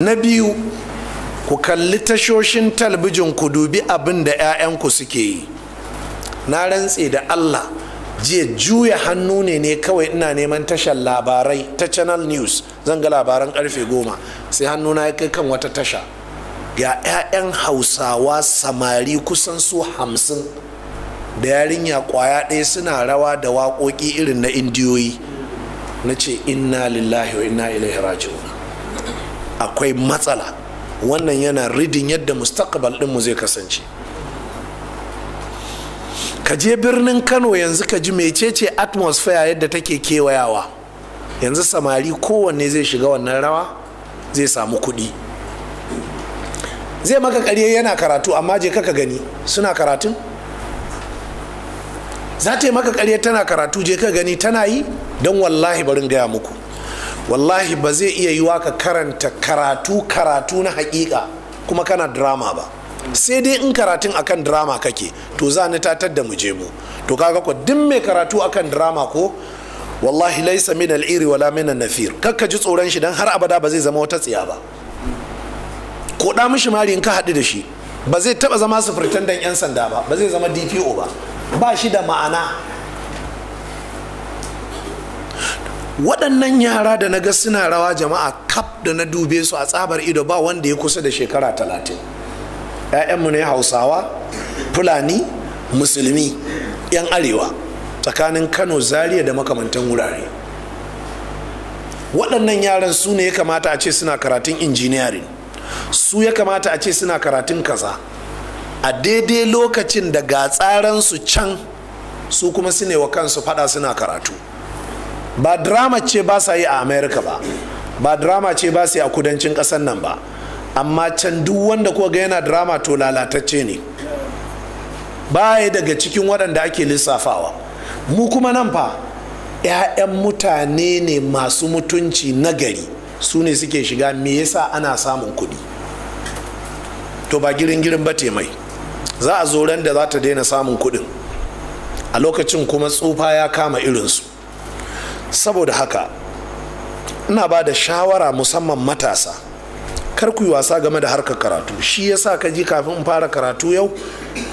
na biyu ku kalli tashoshin talbijin ku dubi abin da 'ya'yanku suke yi na rantse da allah jiya juya hannu ne ne kawai ina neman tashar labarai ta channel news zan ga labaran karfe goma sai hannuna ya kai kan wata tasha ga 'ya'yan hausawa samari kusan su hamsin da yarinya kwaya ɗaya suna rawa da waƙoƙi irin na indiyoyi na ce inna lillahi wa inna ilaihi raji'un akwai matsala wannan yana ridin yadda mustaqbal mu zai kasance ka je birnin kano yanzu ka ji mecece atmosphere yadda take kewayawa yanzu samari kowanne zai shiga wannan rawa zai samu kudi. zai maka ƙarye yana karatu amma je kaka gani suna karatun za ta yi maka ƙarye tana karatu je ka gani tana yi don wallahi barin gaya muku wallahi ba zai iya yiwa ka karanta karatu karatu na hakika kuma kana drama ba sai dai in karatun akan drama kake to za ni tatar da mu je mu to kaga ko duk mai karatu akan drama ko wallahi laisa min al'iri wala min nafir kakka ji tsoron shi dan har abada ba zai zama wata tsiya ba ko da mishi mari in ka haɗu da shi ba zai taba zama sufurtandan yan sanda ba ba zai zama dpo ba ba shi da ma'ana waɗannan yara da na ga suna rawa jama'a kaf da na dube su a tsabar ido ba wanda ya kusa da shekara talatin ‘ya'yanmu ne hausawa fulani musulmi 'yan arewa tsakanin kano zaria da makamantan wurare waɗannan yaran su ne ya kamata a ce suna karatun injiniyarin su ya kamata a ce suna karatun kaza a daidai lokacin da ga tsaransu can su kuma su ne wa kansu faɗa suna karatu ba drama ce ba sa yi a america ba ba drama ce ba sa yi a kudancin kasan nan ba amma can duk wanda kuka ga yana drama to lalatacce ne baya daga cikin waɗanda ake lissafawa mu kuma nan fa 'ya'yan mutane ne masu mutunci na gari su ne suke shiga me yasa ana samun kuɗi to ba girin-girin ba mai za a zo ran da za ta daina samun kuɗin a lokacin kuma tsufa ya kama irinsu saboda haka ina ba da shawara musamman matasa kar ku yi wasa game da harkar karatu shi ya sa ka ji kafin in fara karatu yau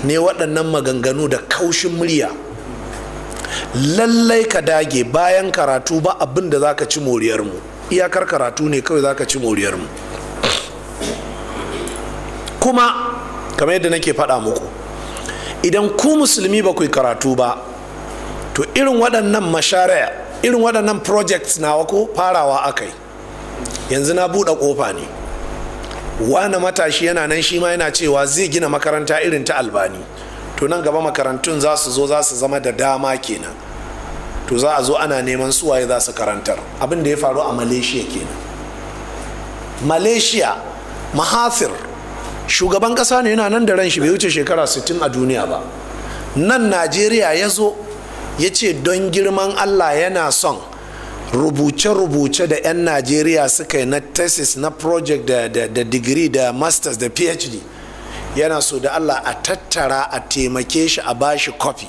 ne waɗannan maganganu da kaushin murya lallai ka dage bayan karatu ba abin da za ka ci moriyarmu iyakar karatu ne kawai za ka ci moriyarmu kuma kamar yadda nake faɗa muku idan ku musulmi ba ku yi karatu ba to irin waɗannan mashari'a irin waɗannan projects na ko farawa akai yanzu na buɗe ƙofa ne wani matashi yana nan shi ma yana cewa zai gina makaranta irin ta albani to nan gaba makarantun za su zo za su zama da dama kenan to za a zo ana neman suwaye za su karantar abin da ya faru a malaysia kenan malaysia mahasir. shugaban ƙasa ne yana nan da ran shi bai wuce shekara 60 a duniya ba nan najeriya ya zo ya ce don girman allah yana son rubuce-rubuce da 'yan najeriya suka yi na thesis na project da, da, da degree da masters da phd yana so da allah a tattara a taimake shi a bashi kofi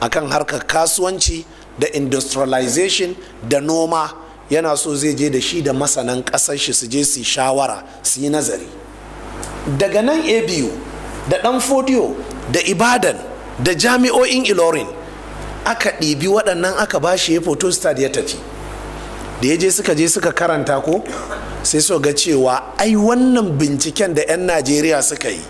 akan harkar kasuwanci da industrialization da noma yana so zai je da shi da masanan ƙasar shi su je su shawara su yi nazari daga nan abu da dan fodiyo da ibadan da jami'o'in ilorin aka ɗibi waɗannan aka bashi ya foto stadi ya tafi da ya je suka je suka karanta ko sai so ga cewa ai wannan binciken da 'yan najeriya suka yi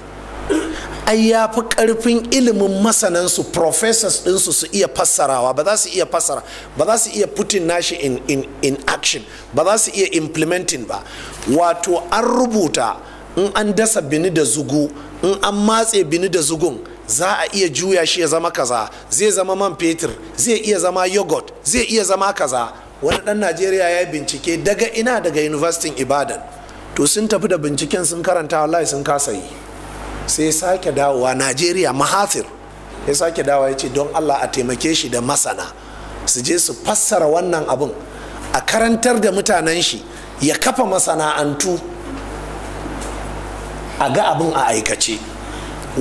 ai ya fi ƙarfin ilimin masanansu professors ɗinsu su iya fassarawa ba za su iya fassara ba za su iya putin nashi in, in, in action ba za su iya implementing ba wato an rubuta in an dasa bini da zugu in an matse bini da zugun za a iya juya shi ya zama kaza zai zama man fetur zai iya zama yogurt zai iya zama kaza wani dan najeriya ya yi bincike daga ina daga university ibadan to sun tafi da binciken sun karanta wallahi sun kasa yi sai sake dawowa najeriya mahafir ya sake dawowa ya ce don allah a taimake shi da masana su je su fassara wannan abun a karantar da mutanen shi ya kafa masana'antu a ga abin a aikace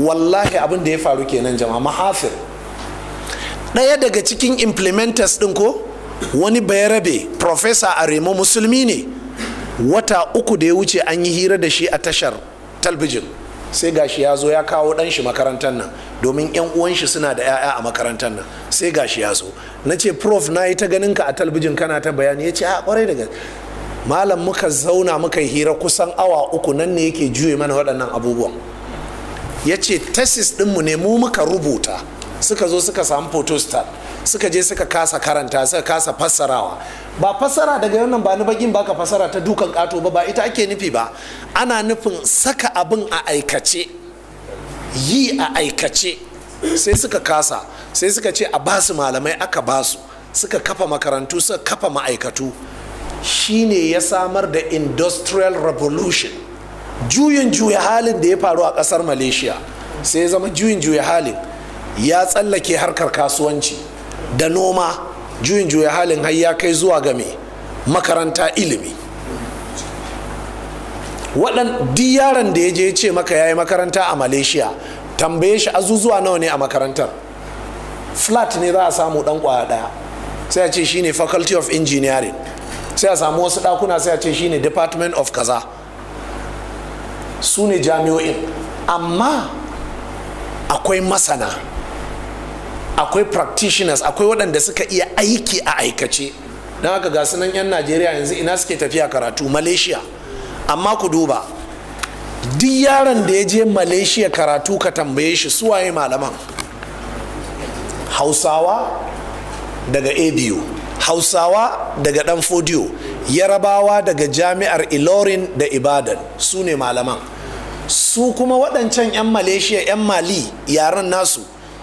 wallahi abin da ya faru kenan jama'a mahafir ɗaya daga cikin implementers ɗin ko wani bayarabe professor a remo musulmi ne wata uku da ya wuce an yi hira da shi a tashar talbijin sai gashi ya zo ya kawo ɗan shi makarantar nan domin yan uwan shi suna da 'ya'ya a makarantar nan sai gashi ya zo na ce prof na yi ta ganin ka a talbijin kana ta bayani ya ce a ah, kwarai daga malam muka zauna muka hira kusan awa uku nan ne yake juye mana waɗannan abubuwan ya ce tesis mu ne mu muka rubuta suka zo suka samu photostat suka je suka kasa karanta suka kasa fassarawa ba fassara daga wannan ba ni bagin baka fassara ta dukan kato ba ba ita ake nufi ba ana nufin saka abin a aikace yi a aikace sai suka kasa sai suka ce a basu malamai aka basu suka kafa makarantu suka kafa ma'aikatu shine ya samar da industrial revolution juyin juya halin da ya faru a kasar malaysia sai ya zama juyin juya halin ya tsallake harkar kasuwanci da noma juyin juya halin har ya kai zuwa game makaranta ilimi waɗan yaron da ya je ce maka ya yi makaranta a malaysia tambaye shi azuzuwa nawa ne a makarantar flat ne za a samu ɗan ƙwaya ɗaya sai a ce shine faculty of engineering sai a samu wasu ɗakuna sai a ce ne department of kaza su ne jami'o'in amma akwai masana akwai practitioners akwai waɗanda suka iya aiki a aikace don haka ga sunan 'yan najeriya yanzu ina suke tafiya karatu malaysia amma ku duba duk yaron da ya je malaysia karatu ka tambaye shi suwaye malaman hausawa daga abu hausawa daga dan fodiyo yarabawa daga jami'ar ilorin da ibadan su ne malaman su kuma waɗancan 'yan malaysia 'yan mali yaren nasu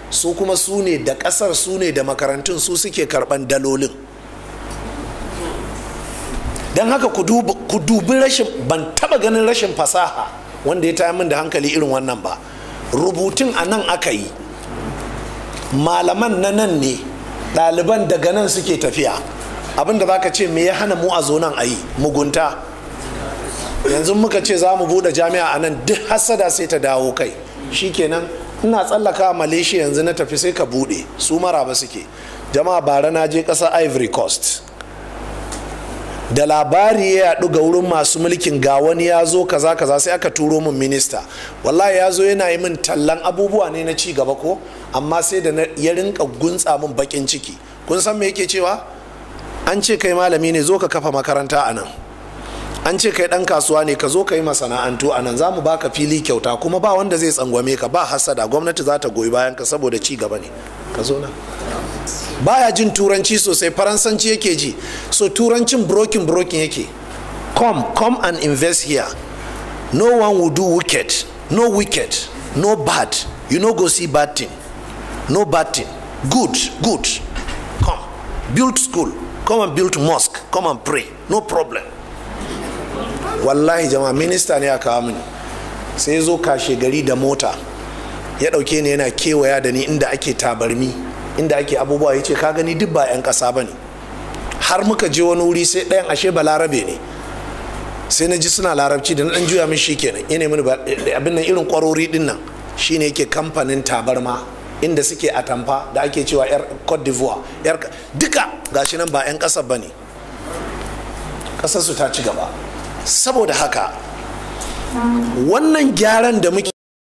su kuma su ne da ƙasar su ne da makarantun su suke karɓan dalolin don haka ku dubi rashin ban taɓa ganin rashin fasaha wanda ya ta min da hankali irin wannan ba rubutun a nan aka yi malaman na nan ne ɗaliban daga nan suke tafiya abin da zaka ce me ya hana mu a zo nan yi mugunta yanzu muka ce za mu bude jami'a a nan duk hasada sai ta dawo kai shi shikenan ina tsallaka malaysia yanzu na tafi sai ka bude su mara maraba suke jama'a bara na je kasa ivory coast da labari ya yaɗu ga wurin masu mulkin ga wani ya zo kaza kaza sai aka turo min minista wallahi ya zo yana yi min tallan abubuwa ne na ci gaba ko amma sai da ya rinka guntsa min bakin ciki kun san me yake cewa an ce kai malami ne zo ka kafa makaranta a nan an ce kai ɗan kasuwa ne ka zo ka yi masana'antu a nan za mu baka fili kyauta kuma ba wanda zai tsangwame ka ba hasada gwamnati za ta goyi bayan ka saboda ci gaba ne ka zo nan baya jin turanci sosai faransanci yake ji so turancin brokin brokin yake come come and invest here no one will do wicked no wicked no bad you no go see bad thing no bad thing good good come build school come and build mosque come and pray no problem wallahi jama'a minista ne a kawo mini sai zo kashe gari da mota ya dauke ni yana kewaya da ni inda ake tabarmi inda ake abubuwa ya ce ka gani duk ba 'yan kasa ba ne har muka je wani wuri sai ɗayan ashe ba ne sai na ji suna larabci da na ɗan juya min shi kenan mini abin nan irin kwarori din nan shine yake kamfanin tabarma inda suke a tamfa da ake cewa yar cote d'ivoire duka gashi nan ba 'yan kasar ba ne kasarsu ta ci gaba saboda haka wannan gyaran da muke